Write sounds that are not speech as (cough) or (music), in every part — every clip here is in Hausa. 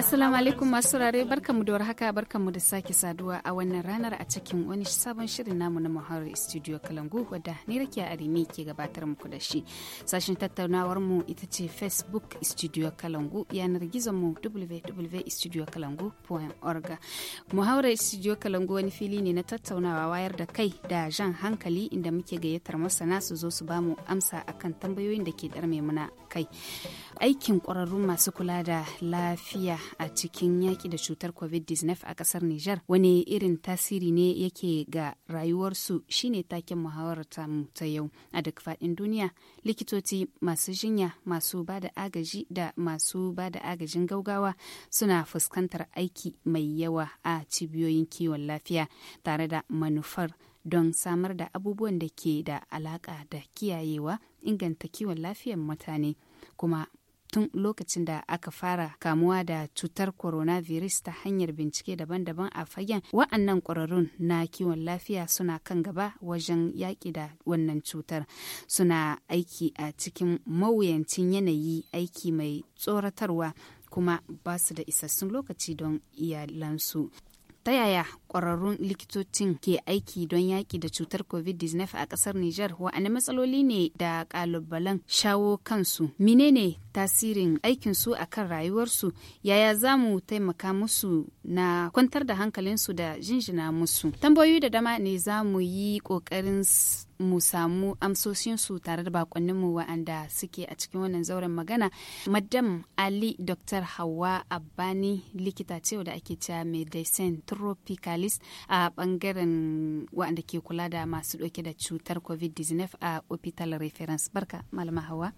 Assalamu alaikum masu saurare barkamu da warhaka barkamu da sake saduwa a wannan ranar a cikin wani sabon shirin namu na Muhawar Studio Kalangu wadda ni Rakiya Arimi ke gabatar muku da shi. Sashen tattaunawar mu ita ce Facebook Studio Kalangu yanar gizon mu www.studiokalangu.org. Muhawar Studio Kalangu wani fili ne na tattaunawa wayar da kai da jan hankali inda muke gayyatar masana su zo su bamu amsa akan tambayoyin da ke darme muna kai aikin ƙwararrun masu kula da lafiya a cikin yaƙi da cutar covid-19 a ƙasar Nijar wani irin tasiri ne yake ga rayuwarsu shine taken muhawarar mu ta yau a duk faɗin duniya likitoci masu jinya masu ba da agaji da masu ba da agajin gaugawa suna fuskantar aiki mai yawa a cibiyoyin kiwon lafiya tare da manufar don samar da abubuwan da ke da alaƙa da kiyayewa inganta kiwon lafiyar mutane kuma tun lokacin da aka fara kamuwa da cutar coronavirus ta hanyar bincike daban-daban a fagen wa'annan ƙwararrun na kiwon lafiya suna kan gaba wajen yaƙi da wannan cutar suna aiki a cikin mawuyancin yanayi aiki mai tsoratarwa kuma ba su da isassun lokaci don iyalansu Ta yaya ƙwararrun likitocin ke aiki don yaƙi da cutar COVID-19 a ƙasar Nijar? wa'ani matsaloli ne da ƙalubalen shawo kansu? Menene tasirin aikinsu a kan rayuwarsu? Yaya za mu taimaka musu na kwantar da hankalinsu da jinjina musu? Tambayoyi da dama ne za mu yi ƙoƙarin mu samu amsoshinsu tare da mu wa'anda suke a cikin wannan zauren magana madam ali dr hawa abbani likita ce da ake cewa medicine tropicalis a bangaren wa'anda ke kula da masu ɗauke da cutar covid-19 a hospital reference barka malama hawa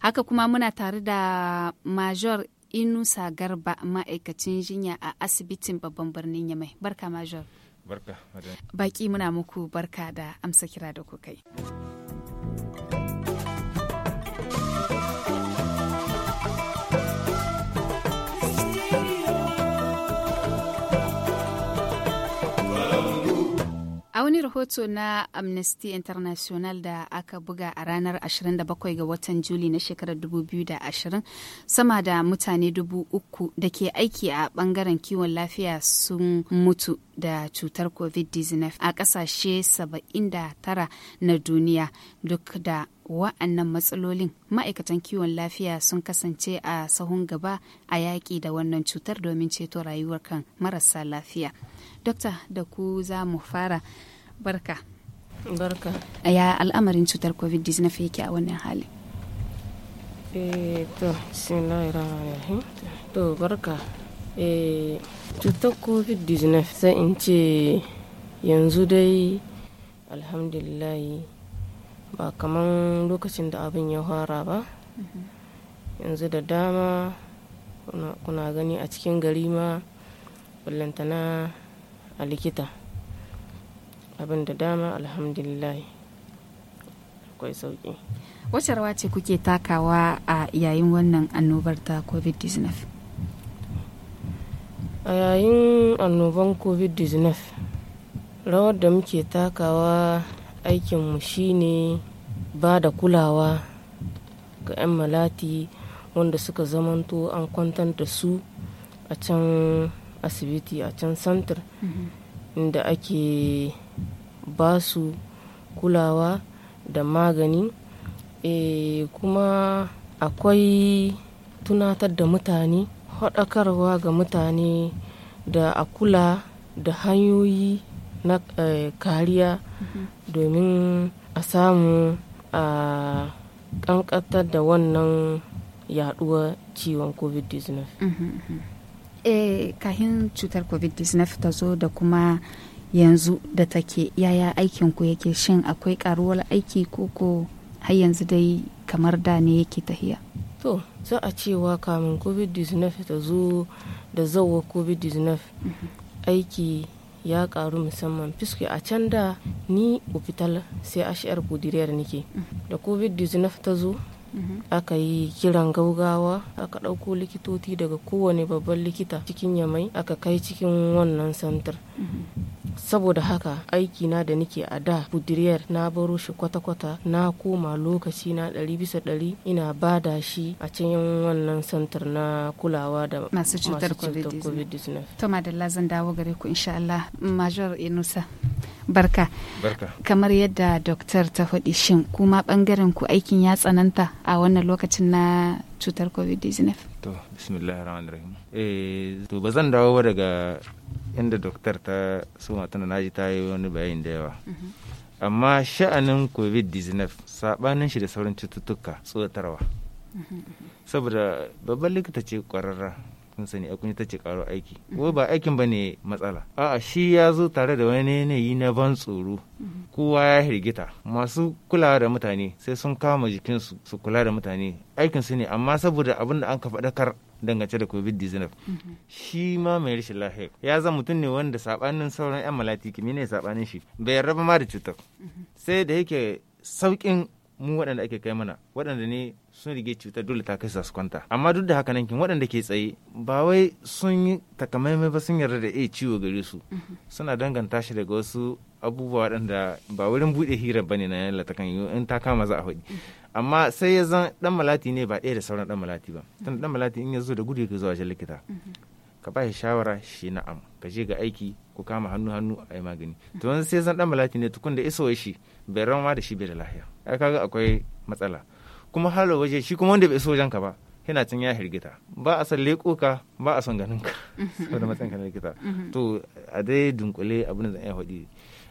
haka kuma muna tare da major inusa garba ma'aikacin jinya a asibitin babban birnin yamai barka major Barka, Baki muna muku barka da amsa kira da kukai. rahoto na Amnesty International da aka buga a ranar 27 ga watan Juli na shekarar 2020 sama da mutane dubu uku da ke aiki a bangaren kiwon lafiya sun mutu da cutar COVID-19 a ƙasashe 79 na duniya duk da wa'annan matsalolin ma'aikatan kiwon lafiya sun kasance a sahun gaba a yaƙi da wannan cutar domin ceto rayuwar kan marasa lafiya. Dokta da ku za mu fara. barka barka aya al'amarin cutar covid-19 yake a wannan hali eh, to bismillahirrahmanirrahim to barka eh, cutar covid-19 sai in ce yanzu dai alhamdulillahi ba kaman lokacin da abin ya fara ba mm-hmm. yanzu da dama kuna gani a cikin gari ma ballantana a likita abin da dama alhamdulillah akwai sauki wace rawa ce kuke takawa a yayin wannan annobar ta covid-19 a yayin annoban covid-19 rawar da muke takawa aikinmu shine ba da kulawa ga 'yan malati wanda suka zamanto an kwantar da su a can asibiti a can santar. Mm-hmm. inda ake basu kulawa da magani e, kuma akwai tunatar da mutane haɗakarwa ga mutane da a kula da hanyoyi na eh, kariya mm-hmm. domin a samu a kankatar da wannan yaɗuwar ciwon covid-19 mm-hmm, mm-hmm. eh kahin cutar covid-19 ta zo da kuma yanzu da take yaya aikin ku yake shin akwai karuwar aiki ko ko har yanzu dai kamar da ne yake tahiya to za a cewa kamun covid-19 ta zo da zawo covid-19 mhm. aiki ya karu musamman fiske a can da ni ofital sai ashiyar budiriyar nike mhm. da covid-19 ta zo aka yi kiran gaugawa aka ɗauko likitoci daga kowane babban likita cikin yamai aka kai cikin wannan santar saboda haka aiki na da nike a da budiriyar na baro shi kwata-kwata na koma lokaci na ɗari bisa ɗari ina ba da shi a cikin wannan santar na kulawa da masu cutar covid-19 to madalla zan dawo gare ku insha Allah major inusa barka kamar yadda doktor ta faɗi shin kuma ɓangaren ku aikin ya tsananta a wannan lokacin na cutar covid-19 to bismillahirrahmanirrahim eh to ba zan dawo daga inda doktor ta suma tana naji ta yi wani bayani da yawa mhm. amma sha'anin covid-19 sabanin shi da sauran cututtuka tsotarwa mhm, mhm. saboda babban likita ce ƙwararra. kun sani a ta ce karo aiki ko mm-hmm. ba aikin ba ne matsala a'a shi ya zo tare da wani yanayi na ban tsoro mm-hmm. kowa ya hirgita masu kulawa da mutane sai sun kama jikinsu su kula da mutane aikin su ne amma saboda abin da an ka faɗakar dangance da covid-19 mm-hmm. shi ma mai rashin lafiya ya zama mutum ne wanda sabanin sauran yan malatiki ne sabanin shi bai rabu ma da cutar sai da yake saukin mu waɗanda ake kai mana waɗanda ne sun rige cutar dole ta kai su kwanta amma duk da haka nan kin waɗanda ke tsaye ba wai sun yi takamaimai ba sun yarda da A ciwo gare su suna danganta shi daga wasu abubuwa waɗanda ba wurin buɗe hira ba ne na yalla ta kan yi in ta kama za a faɗi amma sai ya zan ɗan malati ne ba ɗaya da sauran ɗan malati ba tun ɗan malati in ya zo da gudu ya zuwa wajen likita ka ba shi shawara shi na'am ka je ga aiki ku kama hannu hannu a yi magani to sai zan dan malati ne tukun da iso shi bai ranwa da shi bai da lahiya ai kaga akwai matsala kuma har waje shi kuma wanda bai so janka ba yana can ya hirgita ba a san leƙo ka ba a son ganin ka mhm. (laughs) saboda matsayin ka na likita mhm. to a dai dunkule abin da zan iya faɗi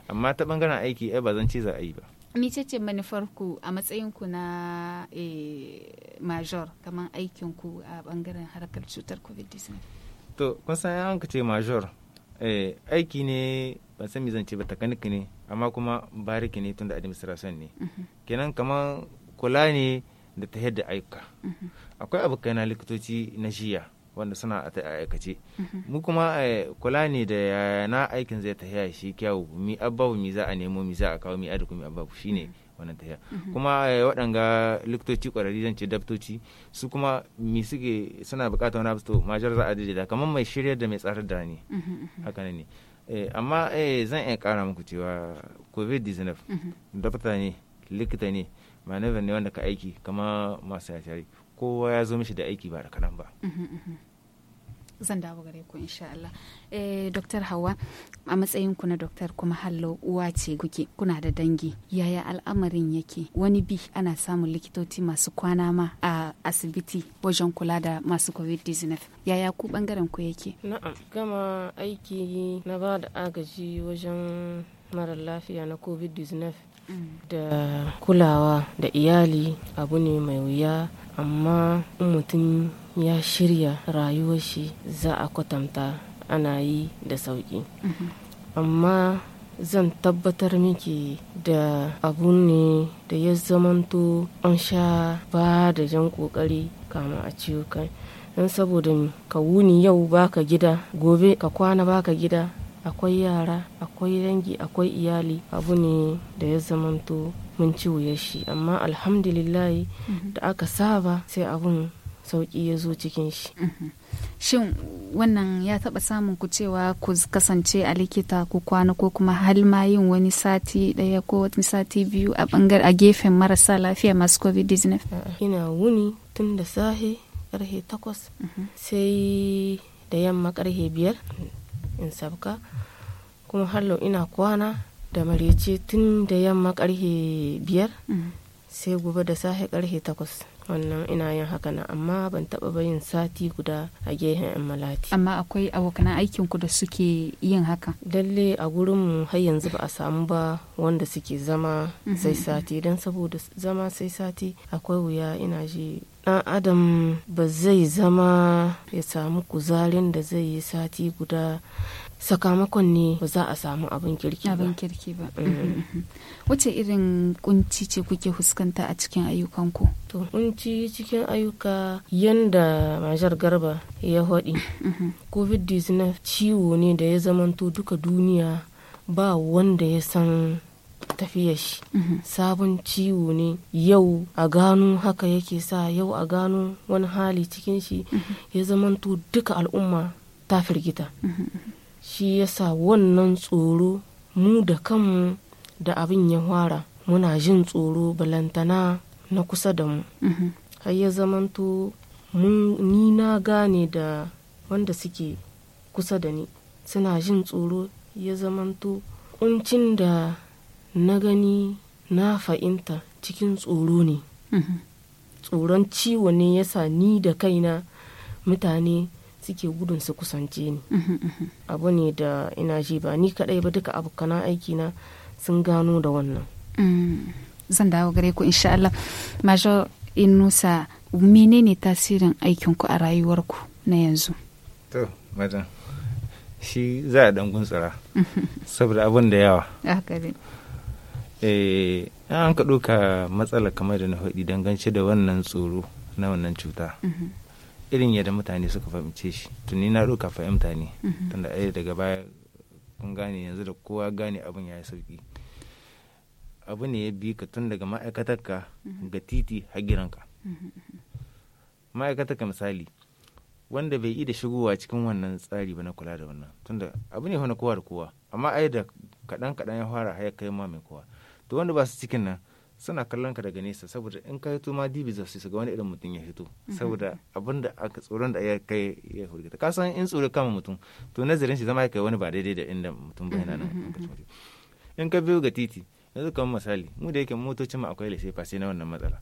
amma ta bangaren aiki ai ba zan ce za a yi ba ni ce manufar ku a matsayin ku na eh, major kamar aikin ku a bangaren harkar cutar covid-19 to kun san an ka ce major eh, aiki ne ban san zan ce ba ta ne amma kuma bariki ne tunda administration ne mhm. kenan kamar kula ne da ta yadda ayyuka akwai abokai na likitoci na jiya wanda suna a aikace mu kuma eh, kula ne da na aikin zai ta shi kyawu mi ababu mi za a nemo mi za a kawo mi adiku mi ababu shine wannan ta kuma eh, waɗanga likitoci ƙwararri zan ce daftoci su kuma mi suke suna buƙatar wani abu majar za a da kamar mai shirya da mai tsarar da ne haka ne eh, amma zan iya ƙara muku cewa covid-19 dafta ne likita ne maneuver ne wanda ka aiki kama masu yashari kowa ya zo mishi da aiki ba da kaɗan ba uhm, uhm, uhm. zan dawo gare ku insha Allah eh doktor Hawa a matsayin ku na doktor kuma hallo uwa ce kuke kuna da dangi yaya al'amarin yake wani bi ana samun likitoci masu kwana ma a asibiti wajen kula da masu covid-19 yaya ku bangaren ku yake na'am gama aiki na ba da agaji wajen mara lafiya na covid-19 da kulawa da iyali abu ne mai wuya amma in mutum ya shirya rayuwar shi za a kwatanta ana yi da sauƙi mm-hmm. amma zan tabbatar miki da abu ne da ya zamanto an sha ba da jan ƙoƙari kama a ciwo kai don saboda ka wuni yau baka gida gobe ka kwana baka gida akwai yara akwai dangi akwai iyali abu ne da ya zamanto mun ci wuya shi amma alhamdulillahi mhm. da aka saba sai abun sauki ya zo cikin shi mhm. shin wannan ya taba samun ku cewa ku kasance a likita ku kwana ko kuma hal ma yin wani sati daya ko wani sati biyu a bangar a gefen marasa lafiya masu covid-19 ina wuni tun da sahe karhe takwas mhm. sai da yamma karhe biyar in sabka kuma hallo ina kwana da marece tun da yamma karhe biyar mm. sai gobe da safe karhe takwas wannan ina yin haka na amma ban taba bayin sati guda a gehen yan malati amma akwai abokan aikin ku da suke yin haka dalle a gurin mu har yanzu ba a samu ba wanda suke zama mm-hmm. sai sati dan saboda zama sai sati akwai wuya ina ji dan adam ba zai zama ya samu kuzarin da zai yi sati guda sakamakon ne ba za a samu abin kirki ba. ba. Eh. (laughs) Wace irin kunci ce kuke fuskanta a cikin ayyukanku? To, kunci cikin ayyuka yanda Majar Garba ya haɗi. (laughs) Mhm. COVID-19 ciwo ne da ya zamanto duka duniya ba wanda ya san tafiyar shi mhm. sabon ciwo ne yau a gano haka yake sa yau a gano wani hali cikin shi mhm. ya zamanto duka al'umma ta firgita shi yasa wannan tsoro mu da kanmu da abin ya fara muna jin tsoro balantana na kusa da mu mhm. har ya zamanto ni na gane da wanda suke kusa da ni suna jin tsoro ya zamanto kuncin da na gani na fa'inta cikin tsoro ne mhm. tsoron ciwo ne yasa ni da kaina mutane suke gudun su kusance ni mhm, mhm. abu ne da ina ji ba ni kadai ba duka abokanan aiki na sun gano da wannan mm. zan dawo gare ku insha Allah majo inusa menene tasirin aikin ku a rayuwarku na yanzu to madam shi za a dan gunsara mhm. saboda abin da yawa eh an ka ɗauka matsala kamar da na haɗi dangance da wannan tsoro na wannan cuta irin yadda mutane suka fahimce shi tuni na ɗauka fahimta ne mhm. tunda ai daga baya kun gane yanzu da kowa gane abin ya yi sauki abu ne ya bi ka tun daga ma'aikatarka mhm. ga titi ka ma'aikatar mhm, ma'aikatarka misali wanda bai yi da shigowa cikin wannan tsari ba na kula da wannan tunda abu ne hana kowa da kowa amma ai da kaɗan kaɗan ya fara haya kai ma mai kowa to wanda ba su cikin nan suna kallon ka daga nesa saboda in ka hito ma dibi za su ga wani irin mutum ya hito mhm. saboda abin da aka tsoron da ya kai ya hurgita ka san in tsoro kama mutum to nazarin shi zama ya kai wani ba daidai da inda mutum bai nan mhm, mhm, in ka biyo ga titi yanzu kamar misali mu da yake motocin mu akwai lasefa sai na wannan matsala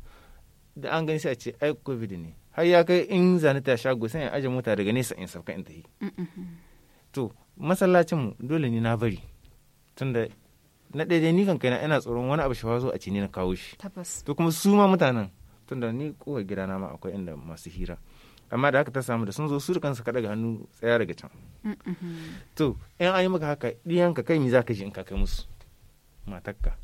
da an gani sai a ce ai covid ne har ya kai in zani ta shago sai in aje mota daga nesa in sauka in tafi mm, to masallacin mu dole ne na bari tunda na ɗaya ni kan kaina ina tsoron wani abu shafa zo a cini na kawo shi to kuma su ma mutanen da ni kowa na ma akwai inda masu hira amma da haka ta samu da sun zo su da kansu kaɗa ga hannu tsaya daga can to in an yi maka haka ɗiyanka kai mi za ka ji in ka kai musu matakka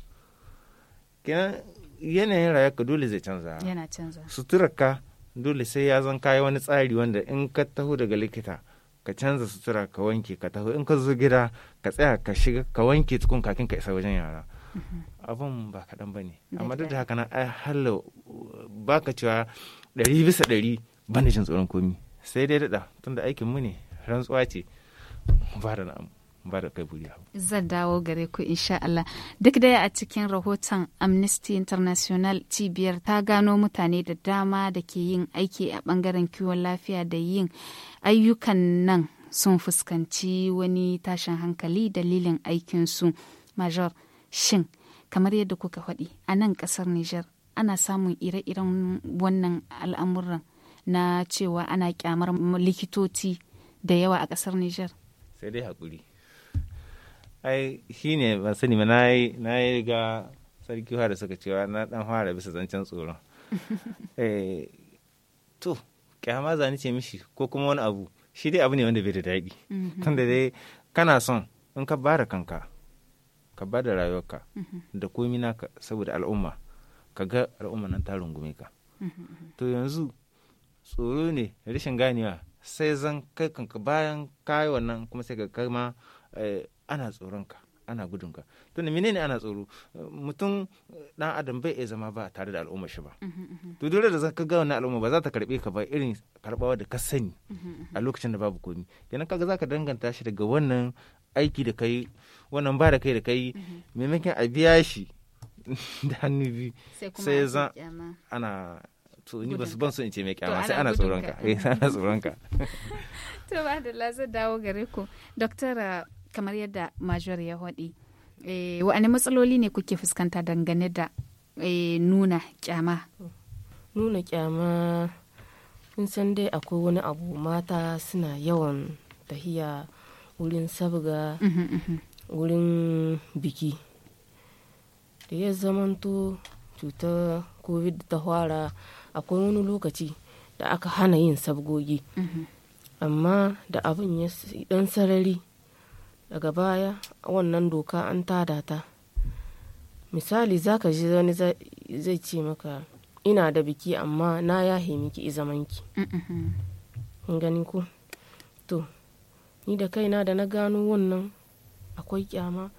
kenan yanayin rayuwarka dole zai canza yana canza suturarka dole sai ya zan kayi wani tsari wanda in ka taho daga likita ka canza sutura ka wanke ka taho in ka zo gida ka tsaya ka shiga ka wanke tukun kakin ka isa wajen yara mm-hmm. abun ba kaɗan ba ne amma duk da haka na ai hallo ba ka cewa ɗari bisa ɗari ban da jin tsoron komi sai dai daɗa tunda aikin mu ne rantsuwa ce ba da na'amu bada kai buri zan dawo gare ku insha Allah duk da a cikin rahoton Amnesty International cibiyar ta gano mutane da dama da ke yin aiki a bangaren kiwon lafiya da yin ayyukan nan sun fuskanci wani tashin hankali dalilin aikinsu major shin kamar yadda kuka faɗi a nan ƙasar Nijar ana samun ire-iren wannan al'amuran na cewa ana kyamar likitoci da yawa a ƙasar Nijar. Sai dai haƙuri. ai shi ne ban sani ba na yi ga sarki da suka cewa na dan fara bisa zancen tsoron (laughs) eh, to kyama zani ce mishi ko kuma wani abu shi dai abu ne wanda bai da daɗi mhm. tunda dai kana son in ka bada kanka ka bada rayuwarka mhm. da komi naka saboda al'umma ka ga al'umma nan ta rungume ka mhm, to yanzu tsoro ne rashin ganewa sai zan kai kanka bayan kayi wannan kuma sai ka kai ma eh, ana tsoronka ana gudunka to da menene ana tsoro mutum dan adam bai iya zama ba tare da al'umma shi ba mhm, mhm. to dole da zaka ga wannan al'umma ba za ta karbe ka ba irin karbawa da ka sani mhm, a lokacin da babu komi kenan kaga zaka danganta shi daga wannan aiki da kai wannan ba da kai da kai maimakon a biya shi (laughs) da hannu biyu sai zan ana to ni su ban so in ce mai kyama sai ana tsoron ka ana tsoron ka eh, (laughs) to ba da lazar dawo gare ku doctor kamar yadda major ya haɗi eh, wa'ani matsaloli ne kuke fuskanta dangane da eh, nuna kyama nuna kyama in san dai akwai wani abu mata suna yawan tahiya wurin sabga mhm, mhm. wurin biki da ya zamanto cutar covid ta fara akwai wani lokaci da aka hana yin sabgogi mhm. amma da abin ya dan sarari daga baya wannan doka an tada ta misali za ka ji wani zai ce maka ina da biki amma na yahe miki izamanki mm-hmm. gani ku to ni da kaina da na gano wannan akwai kyama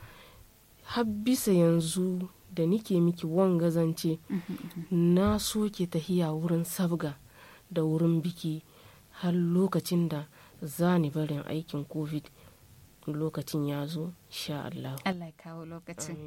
har bisa yanzu da nike miki wanga zance mm-hmm. na soke tahiya wurin sabga da wurin biki har lokacin da za ni barin aikin covid lokacin ya zo sha Allah. Allah ya kawo lokacin.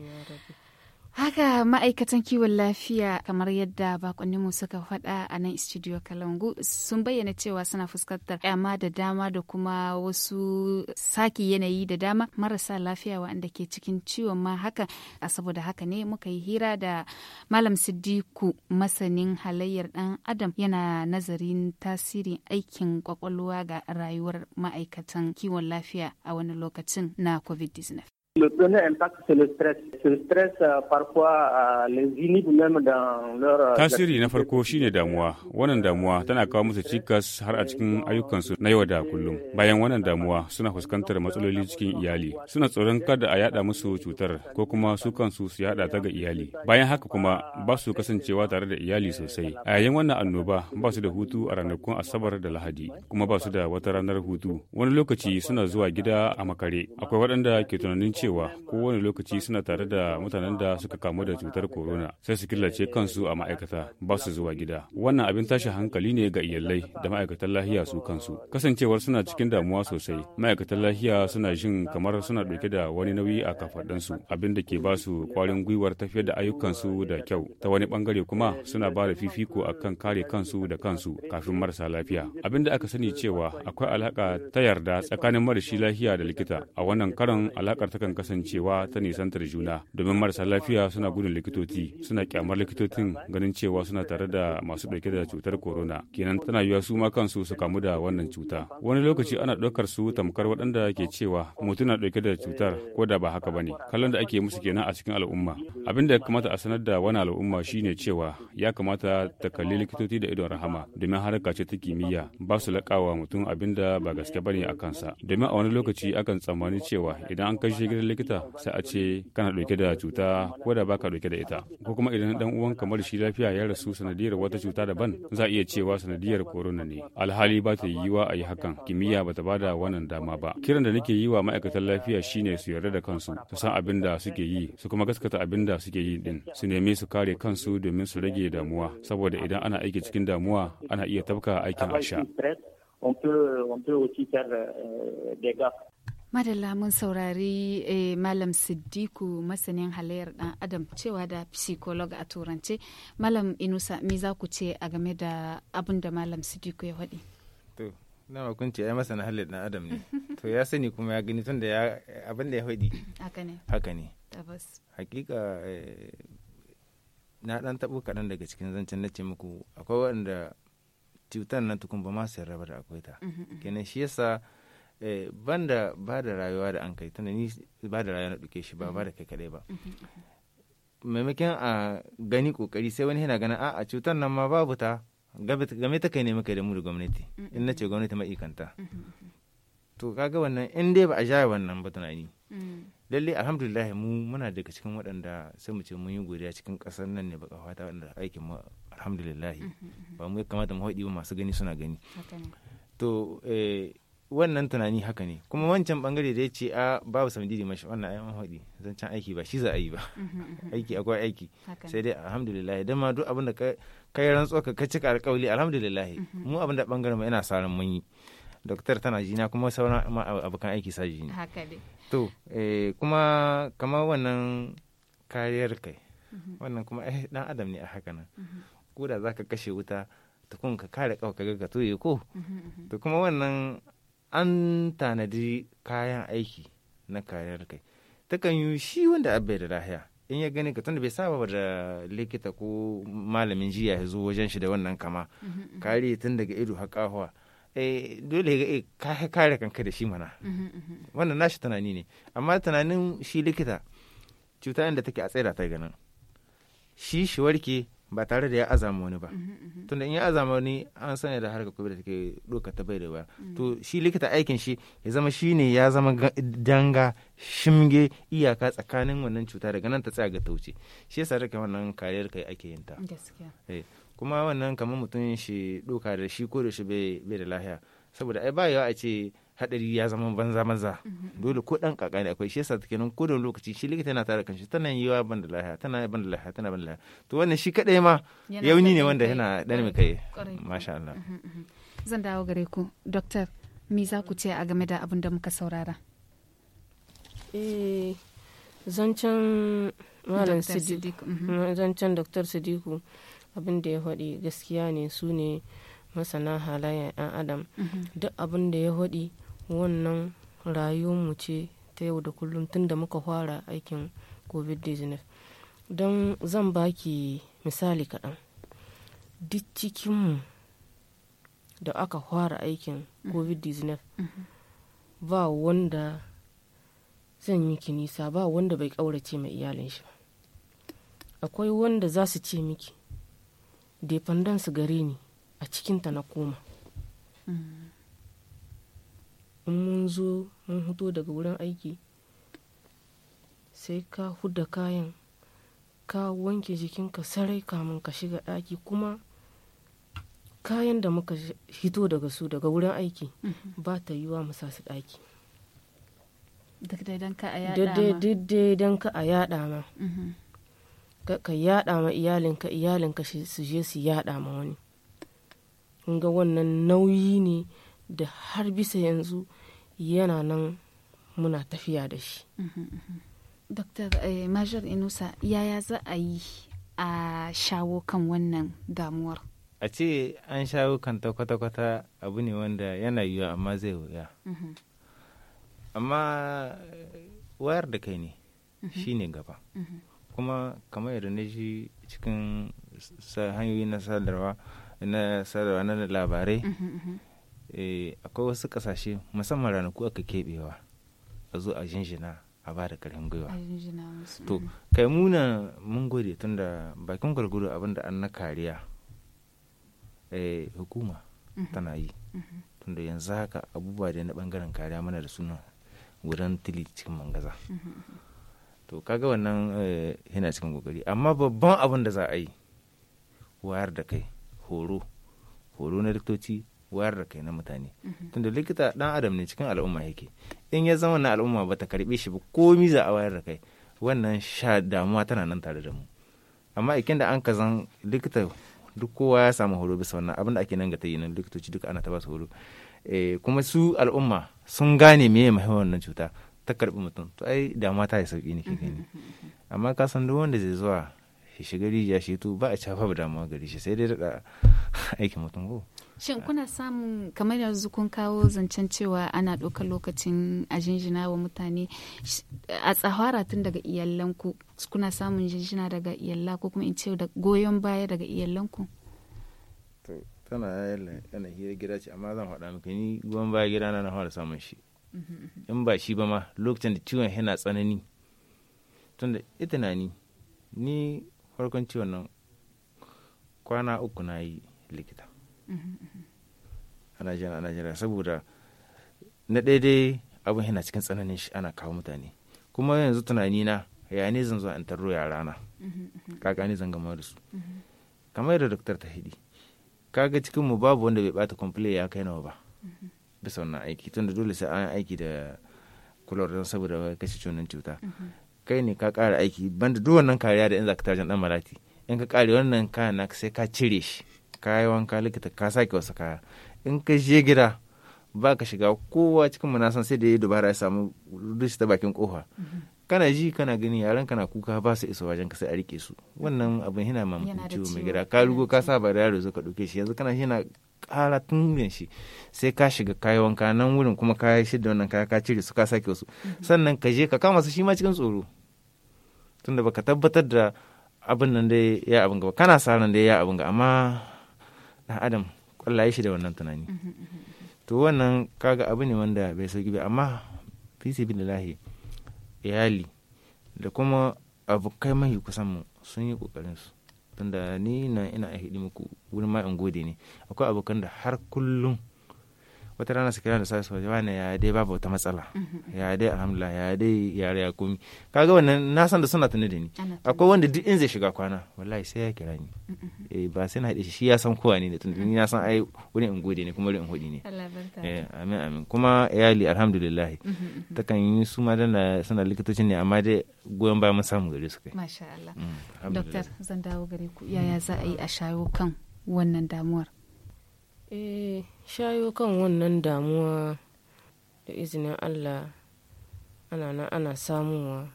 Haka ma'aikatan kiwon lafiya kamar yadda bakonninmu suka faɗa a nan studio Kalangu sun bayyana cewa suna fuskantar kyama da dama da kuma wasu saki yanayi da dama marasa lafiya waɗanda ke cikin ciwon ma haka a saboda haka ne muka yi hira da Malam Siddiku masanin halayyar ɗan Adam yana nazarin tasirin aikin kwakwalwa ga rayuwar ma'aikatan kiwon lafiya a wani lokacin na COVID-19. Le premier impact, c'est le stress. Ce stress, euh, parfois, euh, les inhibe même dans leur... Euh, Tasiri na farko shine damuwa. Wannan damuwa tana kawo musu cikas har a cikin ayyukansu na yau da kullum. Bayan wannan damuwa suna fuskantar matsaloli cikin iyali. Suna tsoron kada a yada musu cutar ko kuma su kansu su yada ta ga iyali. Bayan haka kuma ba su kasancewa tare da iyali sosai. A yayin wannan annoba ba su da hutu a ranakun Asabar da Lahadi kuma ba su da wata ranar hutu. Wani lokaci suna zuwa gida a makare. Akwai waɗanda ke tunanin cewa kowane lokaci suna tare da mutanen da suka kamu da cutar corona sai su killace kansu a ma'aikata ba su zuwa gida wannan abin tashi hankali ne ga iyalai da ma'aikatan lahiya su kansu kasancewar suna cikin damuwa sosai ma'aikatan lahiya suna jin kamar suna dauke da wani nauyi a su abin da ke ba su ƙwarin gwiwar tafiyar da ayyukansu da kyau ta wani bangare kuma suna ba da fifiko akan kare kansu da kansu kafin marasa lafiya abin da aka sani cewa akwai alaƙa ta yarda tsakanin marashi lahiya da likita a wannan karan alakar takan kan kasancewa ta nisantar juna domin marasa lafiya suna gudun likitoci suna kyamar likitocin ganin cewa suna tare da masu dauke da cutar corona kenan tana yiwa su ma kansu su kamu da wannan cuta wani lokaci ana ɗaukar su tamkar waɗanda ke cewa mutum na dauke da cutar ko da ba haka bane kallon da ake musu kenan a cikin al'umma abin da ya kamata a sanar da wani al'umma shine cewa ya kamata ta kalli likitoci da idon rahama domin harka ce ta kimiyya ba su laƙawa mutum abin da ba gaske ba ne a kansa domin a wani lokaci akan tsammani cewa idan an kashe wurin likita sai a ce kana dauke da cuta ko da baka dauke da ita ko kuma idan dan uwan kamar shi lafiya ya rasu sanadiyar wata cuta daban za iya cewa sanadiyar corona ne alhali ba ta yiwa a yi hakan kimiyya ba ta bada wannan dama ba kiran da nake yi wa ma'aikatan lafiya shine su yarda da kansu su san abin da suke yi su kuma gaskata abin da suke yi din su nemi su kare kansu domin su rage damuwa saboda idan ana aiki cikin damuwa ana iya tafka aikin asha madalla mun saurari eh, malam siddiku masanin halayyar dan adam cewa da psycholog a turance malam inusa me za ku ce a game da abin da malam siddiku ya faɗi to na kun ce ai masana halayyar dan adam ne (laughs) to ya sani kuma ya gani tun da ya abin da ya faɗi haka ne haka ne tabbas hakika eh, na dan tabo kaɗan daga cikin zancen na ce muku akwai waɗanda cutar na tukun ba ma su rabar da akwai ta mhm, mhm. kenan shi yasa Eh, ban da ba da rayuwa da an kai tana ni ba da rayuwa na duke shi ba ba da kai kadai ba mm-hmm, mm-hmm, mm-hmm. maimakon a gani kokari sai wani yana ganin a cutar nan ma babu ta game ta kai ne muka da mu da gwamnati in na ce gwamnati ikanta to kaga wannan in dai ba a jaya wannan ba tunani mm. lalle alhamdulillah mu muna daga cikin waɗanda sai mu ce mun yi godiya cikin ƙasar nan ne baka fata waɗanda aikin mu alhamdulillah ba mu ya kamata mu haɗi ba masu gani suna gani to eh, wannan tunani haka ne kuma wancan bangare da ya ce a babu samdiri mashi wannan ayan an zan can aiki ba shi za a yi ba (laughs) mhm, mhm, mhm. aiki akwai aiki sai dai alhamdulillah dan ma duk abin da kai rantsuwa ka cika alƙawli alhamdulillah mu abin da bangaren mu ina sa ran mun yi doktor tana jina kuma sauran abokan aiki sa jini to eh, kuma kamar wannan kariyar kai wannan kuma eh dan adam ne a haka nan ko da zaka kashe wuta ta kun ka kare kawai ka ga toye ko to kuma wannan an tanadi kayan aiki na kariyar kai takan yi shi wanda abai da lahiya in ya gani ka tunda bai saba da likita ko malamin jiya ya zo wajen shi da wannan kama mm-hmm. kare tun daga ido har kahuwa eh, dole ga eh, ka kare kanka da shi mana mm-hmm, mm-hmm. wannan nashi tunani ne amma tunanin shi likita cuta inda take a tsaida ta ganin shi shi warke ba tare da ya azama wani ba mhm, mhm. tunda in ya azama wani an sanya da harkar kwabi da take doka ta bai da ba mm. to shi likita aikin shi ya zama shi ne ya zama danga shimge iyaka tsakanin wannan cuta daga nan ta tsaya ga tauce shi yasa rike wannan kariyar kai ake yin ta eh, kuma wannan kamar mutum shi doka da shi ko da shi bai da lahiya saboda ai ba yawa a ce hadari ya zama banza maza mhm. dole ko dan kakani akwai shi yasa take nan ko da lokaci shi likita yana tare kanshi tana yiwa ban banda lafiya tana ban banda lafiya tana banda da lafiya to wannan shi kadai ma yauni ne wanda yana dan mai kai masha Allah mhm, mhm. zan dawo gare ku doctor me za ku ce a game da abin da muka saurara eh zancan malam sidiku zancan doctor sidiku abin da ya faɗi gaskiya ne su ne masana halayen 'yan adam duk abin da ya faɗi wannan mu ce ta yau da kullum tun da muka fara aikin covid-19 don zan baki misali kaɗan duk cikinmu da aka fara aikin mm-hmm. covid-19 mm-hmm. ba wanda zan yi kinisa ba wanda bai ƙaurace mai iyalin shi akwai wanda za su ce miki dependence gare ni a cikinta na koma mm-hmm. in mun zo mun hito daga wurin aiki sai ka huda kayan ka wanke jikinka sarai kamun ka shiga ɗaki kuma kayan da muka hito daga su daga wurin aiki mhm. ba ta yiwa mu sa su daki daidai don ka a yaɗa ma mhm. ka yaɗa ma iyalinka iyalinka su je su yaɗa ma wani ga wannan nauyi ne da har bisa yanzu yana nan muna tafiya da shi mhm, mhm. dr eh, major inusa yaya za a yi a shawo kan wannan damuwar a ce an shawo kan ta kwata-kwata abu ne wanda yana yiwuwa amma zai wuya mhm. amma eh, wayar da kai ne shi ne gaba kuma kamar yadda na shi cikin hanyoyi na sadarwa na sadarwa na labarai Eh, akwai wasu kasashe musamman ranaku aka keɓewa a zo a jinjina a ba da ƙarfin gwiwa to kai muna mun gode tun da bakin gwargwaro abinda an na kariya eh, hukuma mhm. tana yi mhm. tun da yanzu haka abubuwa da na bangaren kariya mana da suna wurin tili cikin mangaza mhm, to kaga wannan eh, yana cikin gogari amma babban abin da za a yi wayar da kai horo horo na liktoci wayar da kai na mutane mhm. tunda likita dan adam ne cikin al'umma yake in ya zama na al'umma ba ta karbe shi ba komi za a wayar da kai wannan sha damuwa tana nan tare da mu amma ikin da an ka zan likita duk kowa ya samu horo bisa wannan abin da ake nan ga ta yi nan likitoci duka ana ta ba su horo eh, kuma su al'umma sun gane meye mahimman wannan cuta ta karbi mutum to ai damuwa ta yi sauki ne ke gani mhm, mhm, amma ka san duk wanda zai zuwa shi shiga rijiya shi to ba a cafa ba damuwa gari shi sai dai da aikin mutum ko shin kuna samun kamar yanzu kun kawo zancen cewa ana ɗaukar lokacin a jinjina wa mutane a tsahara tun daga iyalanku kuna samun jinjina daga iyalla ko kuma in ce da goyon baya daga iyalanku to tana yana hira gida ce amma zan faɗa maka ni goyon baya gida na fara samun shi mm-hmm. in ba shi ba ma lokacin da ciwon yana tsanani tunda ita na ni ni farkon ciwon nan kwana uku na yi likita Mm -hmm. ana jira ana jira saboda na daidai abin yana cikin tsananin shi ana kawo mutane kuma yanzu tunani na ya ne zan zo an taro yara na kaka mm-hmm, mm-hmm. ne zan gama da su mm-hmm. kamar da doktor ta hidi kaga cikin mu babu wanda bai bata komple ya kai nawa ba bisa wannan aiki tunda dole sai an aiki da kulor don saboda kashe cunan cuta kai ne ka kara aiki banda duk wannan kariya da in zaka tarjan dan marati in ka kare wannan kayan na sai ka cire shi ka yi wanka likita ka sake wasu kaya in ka je gida ba ka shiga kowa cikin munasan sai da ya dubara ya samu rishi ta bakin kofa kana ji kana gani yaran kana kuka ba su isa wajen ka sai a rike su wannan abin hina ma ciwo mai gida ka rugo ka saba da yaro zaka ka dauke shi yanzu kana hina kara shi sai ka shiga kayan wanka nan wurin kuma ka shi da wannan kaya ka cire su ka sake su sannan ka je ka kama su shi ma cikin tsoro tunda baka tabbatar da abin nan dai ya abin gaba kana sa nan dai ya abin ga amma dan adam Allah ya shi da wannan tunani mhm, mhm, mhm. to wannan kaga abu ne wanda bai sauki ba amma fisi lahi iyali da kuma abokai mahi kusan mu sun yi kokarin su tunda ni na ina hidi muku wurin ma in gode ne akwai abokan da har kullum wata rana su kira da sai soja ne ya dai babu wata matsala mm-hmm. ya dai alhamdulillah ya dai yare ya kumi kaga wannan na san da suna tunu da ni akwai wanda duk in zai shiga kwana wallahi sai ya kira ni mm-hmm. eh ba sai na haɗe shi ya san kowa ne da tunda ni na san ai wurin in gode ne kuma wurin in hudi ne eh amin amin kuma iyali alhamdulillah mm-hmm. kan yi su ma dana suna likitocin ne amma dai goyon ba mun samu gare su kai masha Allah mm, doctor zan dawo gare ku yaya za a yi a shayo kan wannan damuwar eh shayo kan wannan damuwa da izinin allah ana nan ana samuwa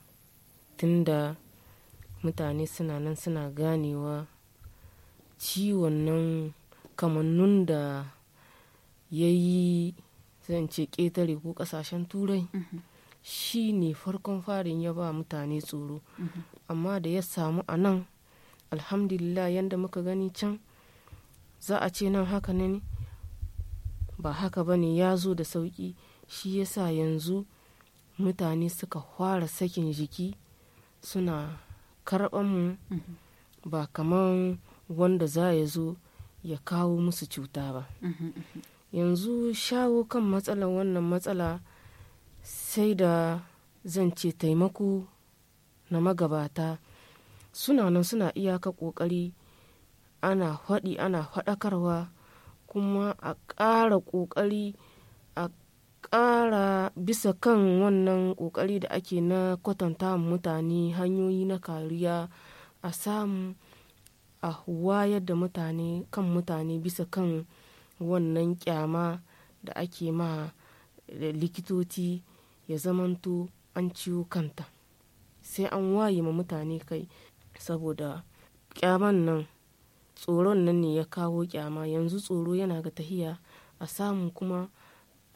tunda mutane suna nan suna ganewa ciwon nan kamannun da ya yi zance ƙetare ko ƙasashen turai mhm. shi ne farkon farin ya ba mutane tsoro mhm. amma da ya samu a nan alhamdulillah yadda muka gani can za a ce nan haka ne ba haka ba ne ya zo da sauƙi shi yasa yanzu mutane suka fara sakin jiki suna karɓan mu mm-hmm. ba kamar wanda za ya zo ya kawo musu cuta ba mm-hmm, mm-hmm. yanzu shawo kan matsalar wannan matsala sai da zan ce taimako na magabata suna nan suna iyaka ƙoƙari ana faɗi ana faɗakarwa kuma a ƙara ƙoƙari a ƙara bisa kan wannan ƙoƙari da ake na kwatanta mutane hanyoyi na kariya a samu a wayar da mutane kan mutane bisa kan wannan kyama da ake ma likitoci ya zamanto an ciwo kanta sai an waye ma mutane kai saboda kyaman nan tsoron nan ne ya kawo kyama yanzu tsoro yana ga tahiya a samu kuma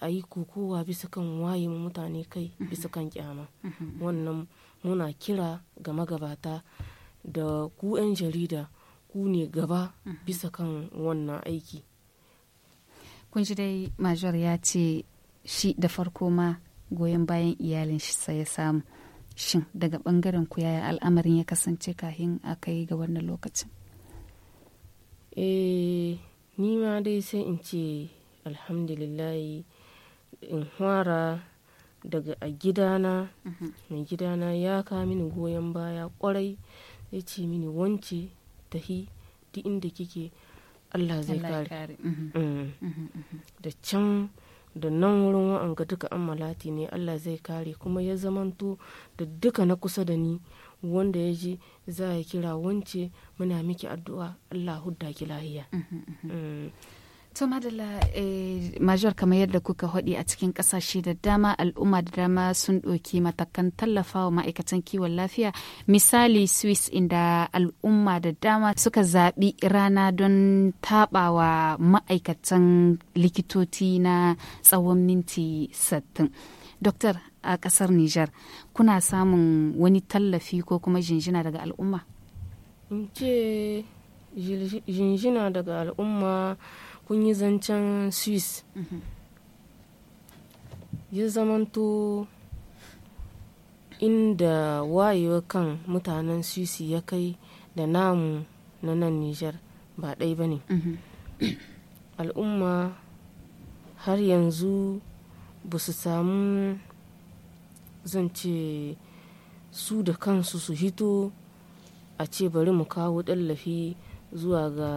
a yi kokowa bisa kan waye mutane kai bisa kan kyama wannan muna kira ga magabata da ku 'yan jarida ku ne gaba bisa kan wannan aiki kun ji dai major ya ce shi da farko ma goyon bayan iyalin shi sai ya samu shin daga bangaren ku yaya al'amarin ya kasance kahin a kai ga wannan lokacin Eh, ni ma dai sai in ce alhamdulillahi in fara daga a gidana, mhm. mai gidana ya ka mini goyon baya kwarai ya ce mini wance tahi duk inda kike Allah zai kare. Mhm. Mm. Mhm, da can da nan wurin wa'anga duka an malati ne Allah zai kare kuma ya zamanto da duka na kusa da ni wanda ya ji za a kira wance muna miki addu'a Allah hudda ki lahiya mm-hmm, mm-hmm. Eh. to madalla eh, major kamar yadda kuka haɗi a cikin ƙasashe da dama al'umma da dama sun ɗoki matakan tallafawa ma'aikatan kiwon lafiya misali swiss inda al'umma da dama suka zaɓi rana don taɓawa ma'aikatan likitoci na tsawon minti 60 Doktor, a ƙasar Nijar kuna samun wani tallafi ko kuma jinjina daga al'umma? In ce jinjina daga al'umma kun yi zancen Swiss. Mhm. Ya zamanto inda wayewa kan mutanen Swiss ya kai da namu na nan Nijar ba ɗai ba ne. Mhm. Al'umma har yanzu ba su samu zan ce su da kansu su hito a ce bari mu kawo tallafi zuwa ga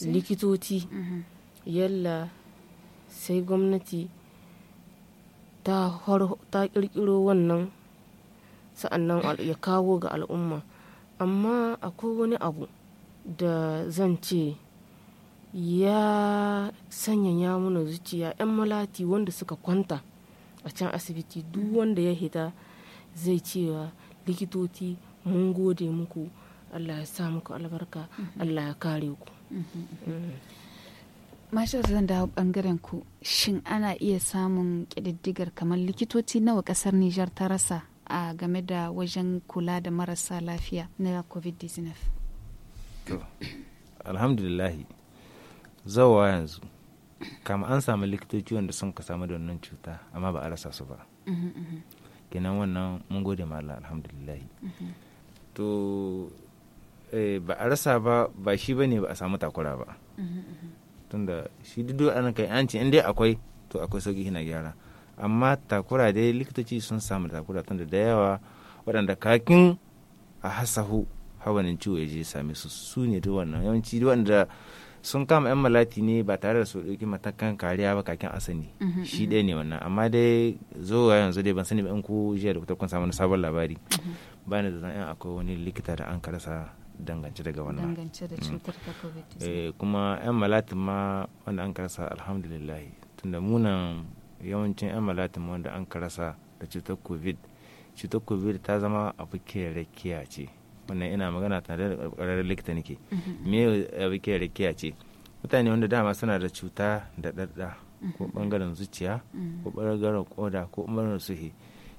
likitoti mhm. yalla sai gwamnati ta kirkiro wannan sa'annan ya kawo ga al'umma amma akwai wani abu da zan ce ya sanyaya mana zuciya 'yan malati wanda suka kwanta a can asibiti duk wanda ya hita zai cewa likitoci mun gode muku allah ya sa muku albarka mm-hmm. allah ya kare ku mm-hmm. mm. Mashar zan dawo bangaren ku shin ana iya samun kididdigar kamar likitoci nawa kasar Nijar ta rasa a game da wajen kula da marasa lafiya na COVID-19? Alhamdulillahi, zawa yanzu kama an samu likitoci wanda sun ka samu da wannan cuta amma ba a rasa su ba mhm, mhm. kenan wannan mun gode ma Allah alhamdulillah mhm. to eh, ba a rasa ba ba shi ba ne ba a samu takura ba tunda shi duk ana kai an ce in dai akwai to akwai sauki hina gyara amma takura dai likitoci sun samu takura tunda da yawa waɗanda kakin a hasahu hawanin ciwo ya je same su su ne duk wannan yawanci duk wanda sun kama 'yan malati ne ba tare da su ɗauki matakan kariya ba kakin asani mhm, shi mhm. ɗaya ne wannan amma dai zo yanzu dai ban sani ba in ku jiya da kun samu sabon labari mhm. ba ni da zan akwai wani likita da an karasa dangance daga wannan dangance da mm. cutar ta covid eh, kuma 'yan malati ma wanda an karasa alhamdulillah tunda munan yawancin 'yan malatin wanda an karasa da cutar covid cutar covid ta zama abu kerakiya ce wannan ina magana tare da ƙwararren likita nake mm-hmm. me abike rikiya ce mutane wanda dama suna da cuta da ɗaɗɗa ko mm-hmm. ɓangaren zuciya mm-hmm. ko ɓangaren ƙoda ko ɓangaren suhe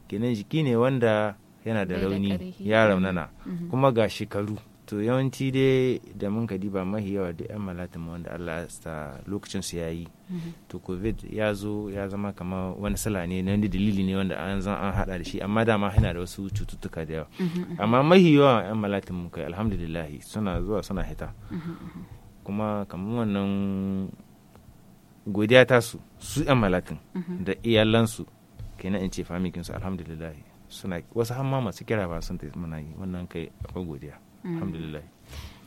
kenan jiki ne wanda yana da rauni ya raunana kuma ga shekaru to yawanci dai da mun kadi ba mahi yawa da yan malatin wanda Allah ya lokacin su yayi mhm. to covid ya zo ya zama kamar wani sala ne na wani dalili ne wanda an zan an hada da shi amma dama yana da wasu cututtuka da yawa mhm, mhm. amma mahi yawa yan malatin mu kai alhamdulillah suna zuwa suna hita kuma kamar wannan godiya ta su su yan malatin da iyalansu kenan in ce famikinsu alhamdulillah suna wasu hamma masu kira ba sun ta yi wannan kai akwai godiya alhamdulillah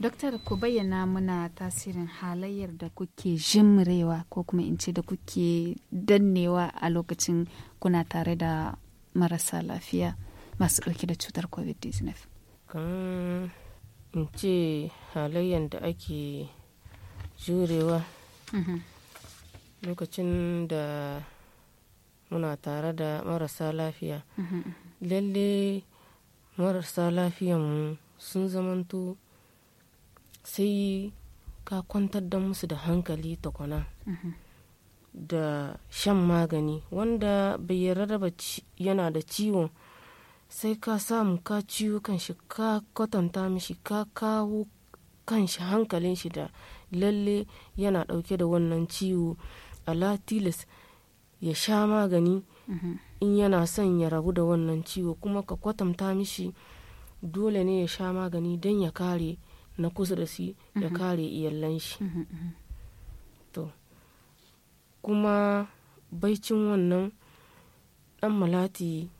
Doktor ku bayyana muna tasirin halayyar da kuke jimrewa ko kuma in ce da kuke dannewa a lokacin kuna tare da marasa lafiya masu ɗauke da cutar covid-19. kamar in ce halayyar da ake jurewa mm-hmm. lokacin da muna tare da marasa lafiya mm-hmm, mm-hmm. lalle marasa lafiyanmu sun zamanto sai ka kwantar da musu da hankali kwana mhm. da shan magani wanda bai yarda yana da ciwon sai ka samu ka ciwo kanshi ka kwatanta mishi ka kawo kanshi hankalin shi da lalle yana dauke da wannan ciwo ala tilas ya sha magani mhm. in yana son ya rabu da wannan ciwo kuma ka kwatanta mishi dole ne ya sha magani don ya kare na kusa da shi ya mhm. kare iyalan shi mhm, mhm, to kuma baicin wannan dan malati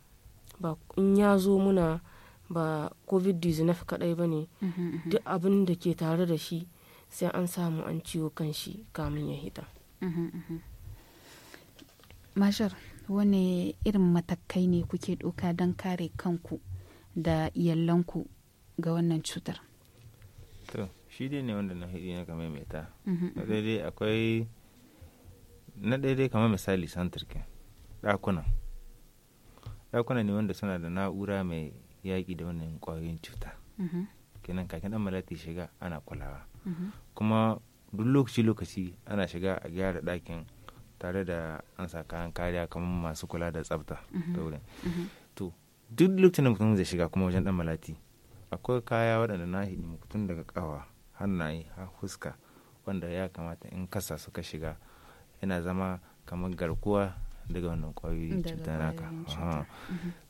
ba in ya zo muna ba covid-19 kadai ba ne duk abin da ke tare da shi sai an samu an ciwo kan shi kamun ya hita mashar wani irin matakai ne kuke doka don kare kanku da iyalanku ga wannan cutar to shi dai ne wanda na hidi na kamar mai ta mhm, na mhm. daidai akwai na daidai kamar misali santarki ɗakuna. Ɗakuna ne wanda suna da na'ura mai yaƙi da wannan ƙwayoyin cuta mhm. kenan kakin ɗan malati shiga ana kulawa kuma duk lokaci lokaci ana shiga a gyara ɗakin tare da an sa kayan kariya kamar masu kula da tsafta da wurin duk lokacin da mutum zai shiga kuma wajen dan malati akwai kaya waɗanda na hidi mutum daga ƙawa hannaye har huska wanda ya kamata in kasa suka shiga yana zama kamar garkuwa daga wannan ƙwayoyin cutar naka mhm.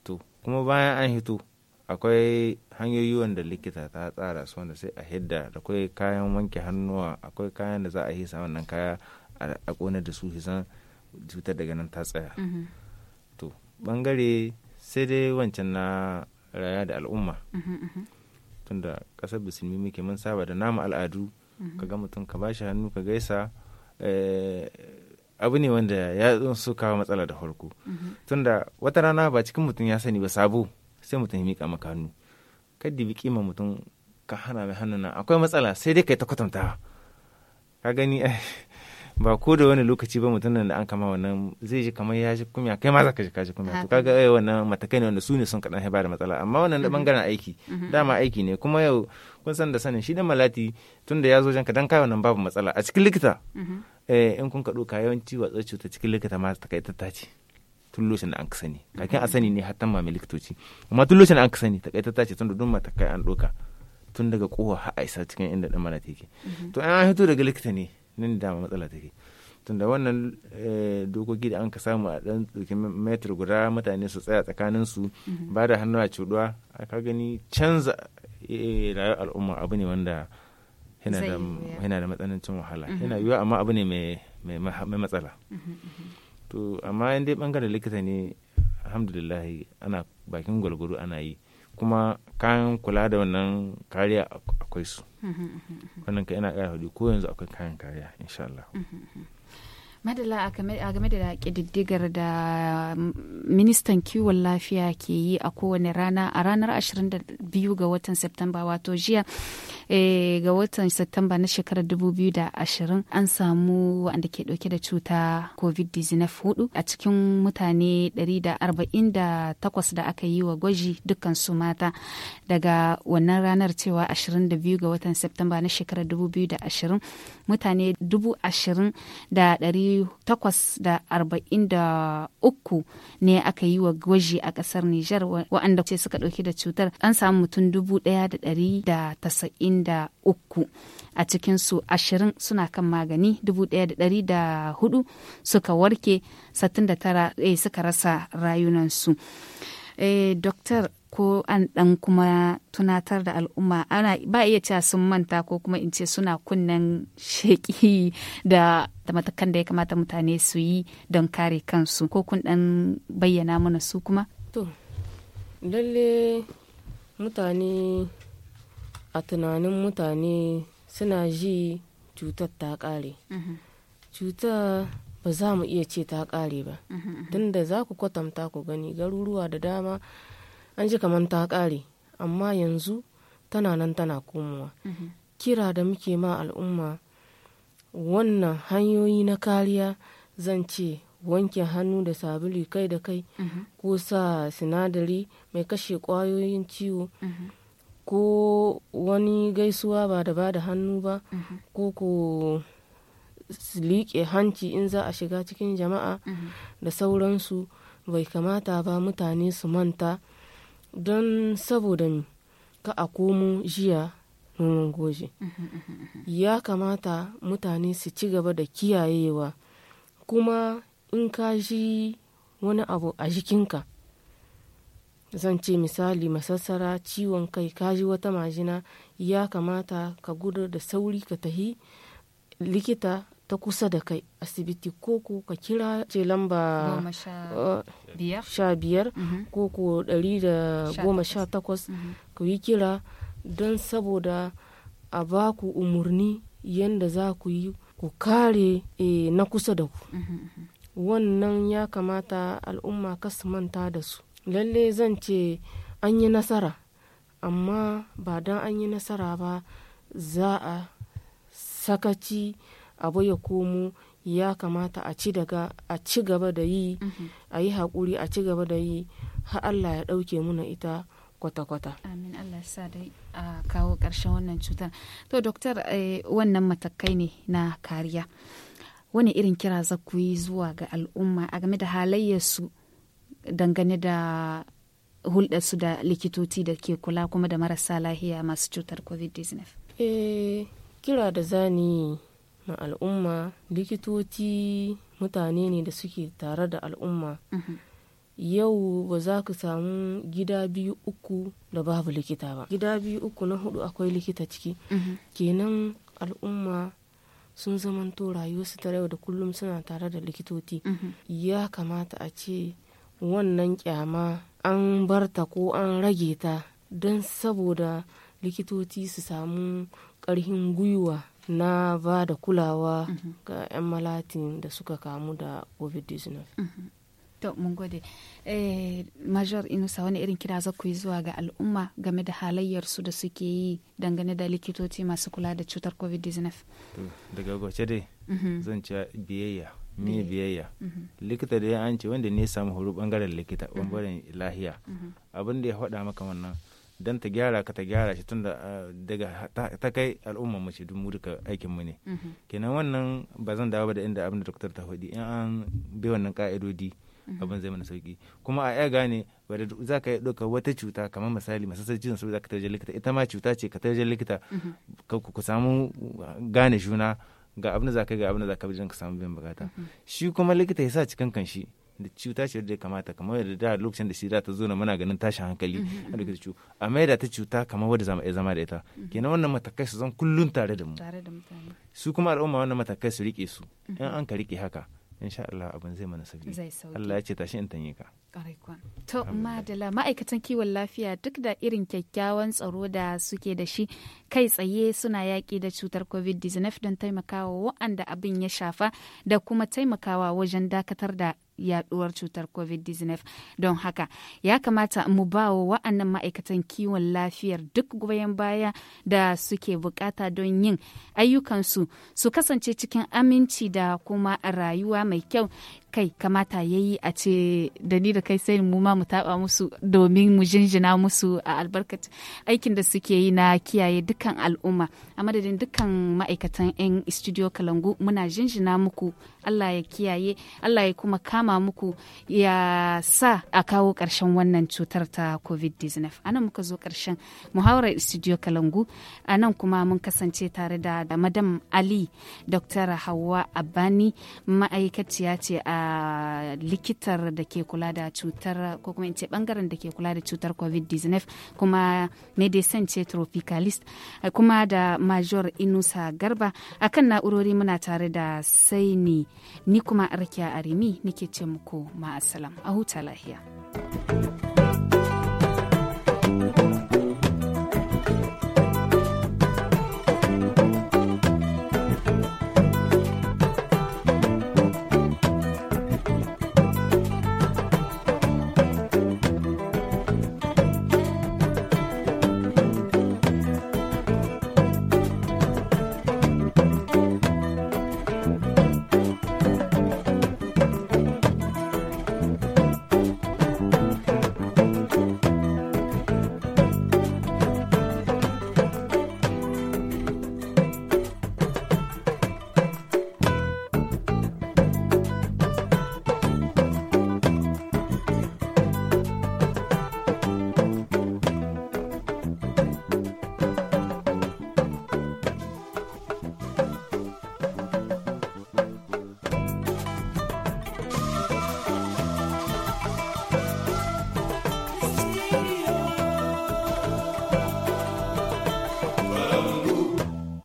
to kuma bayan an hito akwai hanyoyi wanda likita ta tsara su wanda sai a hidda akwai kayan wanke hannuwa akwai kayan da za a hisa wannan kaya a ƙonar da su hisan cutar daga nan ta tsaya mhm. to bangare sai dai wancan na raya da al'umma tunda kasar musulmi muke mun saba da namu al'adu ka ga mutum ka bashi hannu ka gaisa eh, abu ne wanda ya so kawo matsala da farko tunda wata rana ba cikin mutum ya sani ba sabo sai mutum ya miƙa maka hannu kai dibi kima mutum ka hana mai hannun na akwai matsala sai dai kai ta kwatanta ka gani eh, ba ko da wani lokaci ba mutum da an kama wannan zai ji kamar ya ji kumya kai ma za ka ji ka ji kumya to kaga ai eh, wannan matakai ne wanda su ne sun kaɗan ba da matsala amma wannan da bangaren mm-hmm. aiki mm-hmm. dama aiki ne kuma yau kun san da sanin shi da malati tunda ya zo janka dan kai wannan babu matsala a cikin likita mm-hmm. eh, in kun ka ɗauka yawanci watsar cuta cikin likita ma ta kai ta ce tun lokacin da an sani kakin a sani ne hatta mami likitoci amma tun lokacin da an sani ta ce tun da dumma matakai an doka tun daga kowa har a isa cikin inda da malati take to an hito daga likita ne nan da matsala take tunda wannan eh, dokoki da an ka samu a dan tsoki metar guda mutane su tsaya tsakanin su mhm. ba da hannu a cuɗuwa aka gani canza eh, rayuwar al'umma abu ne wanda yana da matsanancin wahala mhm. yana yiwuwa amma abu ne mai matsala mhm, to amma in dai bangaren likita ne alhamdulillah ana bakin gwalgwaro ana yi kuma kayan kula da wannan kariya akwai su mm-hmm, mm-hmm, mm-hmm. wannan ka yana ƙara ko yanzu akwai kayan kariya insha Allah madala a game da ƙididdigar da mm, ministan kiwon lafiya ke yi a kowane rana a ranar 22 ga watan septemba wato jiya eh, ga watan septemba na shekarar 2020 an samu wanda ke dauke da cuta covid-19 a cikin mutane 148 da aka yi wa gwaji dukkan su mata daga wannan ranar cewa 22 ga watan septemba na shekarar 2020 mutane 20 da 100 1843 ne aka yi wa gwaji a kasar Nijar waɗanda ce suka ɗauki da cutar an samu mutum 1,193 a cikinsu 20 suna kan magani 1,104 suka warke 69 eh, suka rasa rayunansu. Eh, Doktor ko an ɗan kuma tunatar da al'umma ana ba iya cewa sun manta ko kuma in ce suna kunnen sheki da da matakan da ya kamata mutane su yi don kare kansu ko kun dan bayyana mana su kuma to lalle mutane a tunanin mutane suna ji cutar ta kare mhm. cutar ba za mu iya ce ta kare ba mhm, mhm. tunda za ku kwatanta ku gani garuruwa da dama an ji kamar ta ƙare amma yanzu tana nan tana komowa mhm. kira da muke ma al'umma wannan hanyoyi na kariya zan ce wanke hannu da sabulu kai da kai mhm. ko sa sinadari mai kashe kwayoyin ciwo mhm. ko wani gaisuwa ba da ba da hannu ba ko ko liƙe hanci in za a shiga cikin jama'a da sauransu bai kamata ba mutane su manta don saboda ka a komo jiya nonon goji ya kamata mutane su ci gaba da kiyayewa kuma in ka ji wani abu a jikinka zan ce misali masassara ciwon kai ka ji wata majina ya kamata ka gudu da sauri ka tahi likita ta kusa da kai asibiti ko ko ka kira ce lamba uh, sha biyar mhm. ko ko ɗari da goma sha takwas mhm. ku yi kira don saboda a ba ku umarni yadda za ku yi ku kare eh, na kusa da ku mhm, wannan ya kamata al'umma kasu manta da su lalle zan ce an yi nasara amma ba don an yi nasara ba za a sakaci abu ya komo ya kamata a ci daga gaba da yi mhm. a yi haƙuri a ci gaba da yi har Allah ya ɗauke muna ita kwata-kwata. Amin Allah sa dai a kawo ƙarshen wannan cutar. To, Doktor, eh, wannan matakai ne na kariya. Wani irin kira za ku yi zuwa ga al'umma a game da halayyarsu dangane da su da likitoci da ke kula kuma da marasa lahiya masu cutar COVID-19? Eh, kira da zani na al'umma likitoci mutane ne da suke tare da al'umma mhm. yau ba za ku samu gida biyu uku da babu likita ba gida biyu uku na hudu akwai likita ciki mhm. kenan al'umma sun zamanto rayuwarsu ta yau da kullum suna tare da likitoci mhm. ya kamata a ce wannan kyama an barta ko an rage ta don saboda likitoci su samu karhin gwiwa na ba da kulawa mhm. ga 'yan malatin da suka kamu da covid-19 mhm. to mun gode eh, major inusa wani irin kira za ku yi zuwa ga al'umma game da halayyarsu da suke yi dangane da likitoci masu kula da cutar covid-19 daga gwace dai mhm. zan ce biyayya ne biyayya likita da ya an ce wanda ne samu horo bangaren likita bangaren lahiya abin da ya faɗa maka wannan don ta gyara ka ta gyara shi tunda ah, daga ta kai al'umma mu ce mu duka aikin mu ne mm-hmm. kenan wannan ba zan dawo ba da inda abin da doktor ta faɗi in an bi wannan ka'idodi mm-hmm. abin zai mana sauki kuma a iya gane wadda za ka ɗauka wata cuta kamar misali masasar cizon sauki za ka tarje likita ita ma cuta ce ka tarje likita mm-hmm. ku samu gane juna ga abin da za ka ga abin da za ka bi ka samu biyan bukata shi kuma likita ya sa cikin kan shi da ta ce da kamata kamar yadda da lokacin da shida ta zo na muna ganin tashin hankali mhm, a da mhm. ciwo a da ta ta kamar wadda zama iya zama da ita mhm. kenan wannan matakai su zan kullun tare da mu su kuma al'umma wannan matakai su rike su in an ka rike haka insha Allah abin zai mana sauki Allah ya ce tashi in tanye ka to madala ma'aikatan kiwon lafiya duk da irin kyakkyawan tsaro da suke da shi kai tsaye suna yaƙi da cutar covid-19 don taimakawa wa'anda abin ya shafa da kuma taimakawa wajen dakatar da yaduwar cutar covid-19 don haka ya kamata mu ba wa wa'annan ma'aikatan kiwon lafiyar duk goyon baya da suke bukata don yin ayyukansu su kasance cikin aminci da kuma rayuwa mai kyau kai kamata ya yi a ce da ni da kai sai mu ma mu taba musu domin mu jinjina musu a albarkat aikin da suke yi na kiyaye dukkan al'umma a madadin dukkan ma'aikatan 'yan studio kalangu muna jinjina muku Allah ya kiyaye Allah ya kuma kama muku ya sa a kawo ƙarshen wannan cutar ta covid-19 anan muka zo ƙarshen muhawarar studio kalangu anan kuma mun kasance tare da madam ali dr hawa abani ma'aikaciya ce a likitar da ke kula da cutar ko kuma ce bangaren da ke kula da cutar covid-19 kuma medecin ce tropicalist kuma da major inusa garba akan na'urori muna tare da saini ni kuma arkiya arimi nike ce muku ma'asalam a huta lahiya.